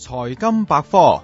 財金百科，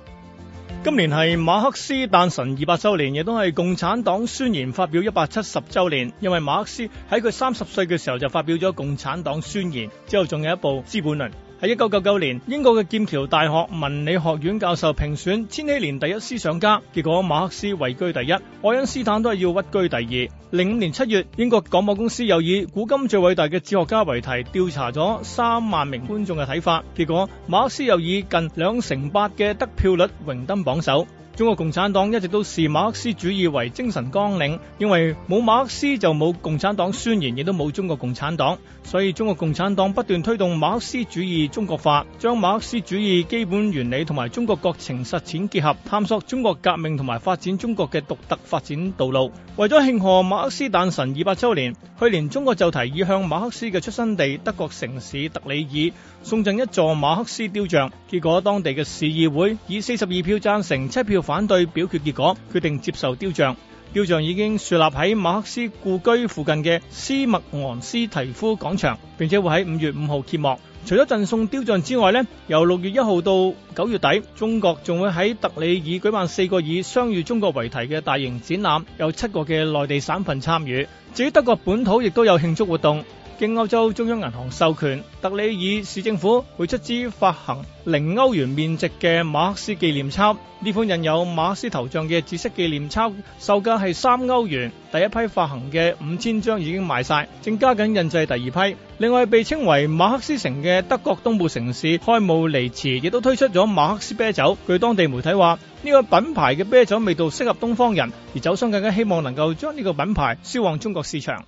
今年係馬克思誕辰二百周年，亦都係共產黨宣言發表一百七十周年。因為馬克思喺佢三十歲嘅時候就發表咗《共產黨宣言》，之後仲有一部《資本論》。喺一九九九年，英國嘅劍橋大學文理學院教授評選千禧年第一思想家，結果馬克思位居第一，愛因斯坦都係要屈居第二。零五年七月，英國廣播公司又以古今最偉大嘅哲學家為題，調查咗三萬名觀眾嘅睇法，結果馬克思又以近兩成八嘅得票率榮登榜首。中國共產黨一直都視馬克思主義為精神綱領，因為冇馬克思就冇共產黨宣言，亦都冇中國共產黨。所以中國共產黨不斷推動馬克思主義中國化，將馬克思主義基本原理同埋中國國情實踐結合，探索中國革命同埋發展中國嘅獨特發展道路。為咗慶賀馬馬克思誕辰二百周年，去年中國就提議向馬克思嘅出生地德國城市特里爾送贈一座馬克思雕像，結果當地嘅市議會以四十二票贊成、七票反對表決結果，決定接受雕像。雕像已經樹立喺馬克思故居附近嘅斯麥昂斯提夫廣場，並且會喺五月五號揭幕。除咗贈送雕像之外咧，由六月一號到九月底，中國仲會喺特里爾舉，舉辦四個以相遇中國為題嘅大型展覽，有七個嘅內地省份參與。至於德國本土，亦都有慶祝活動。經歐洲中央銀行授權，特里爾市政府會出資發行零歐元面值嘅馬克思紀念鈔。呢款印有馬克思頭像嘅紫色紀念鈔售價係三歐元，第一批發行嘅五千張已經賣晒，正加緊印製第二批。另外，被稱為“馬克思城”嘅德國東部城市開姆尼茨亦都推出咗馬克思啤酒。據當地媒體話，呢個品牌嘅啤酒味道適合東方人，而酒商更加希望能夠將呢個品牌銷往中國市場。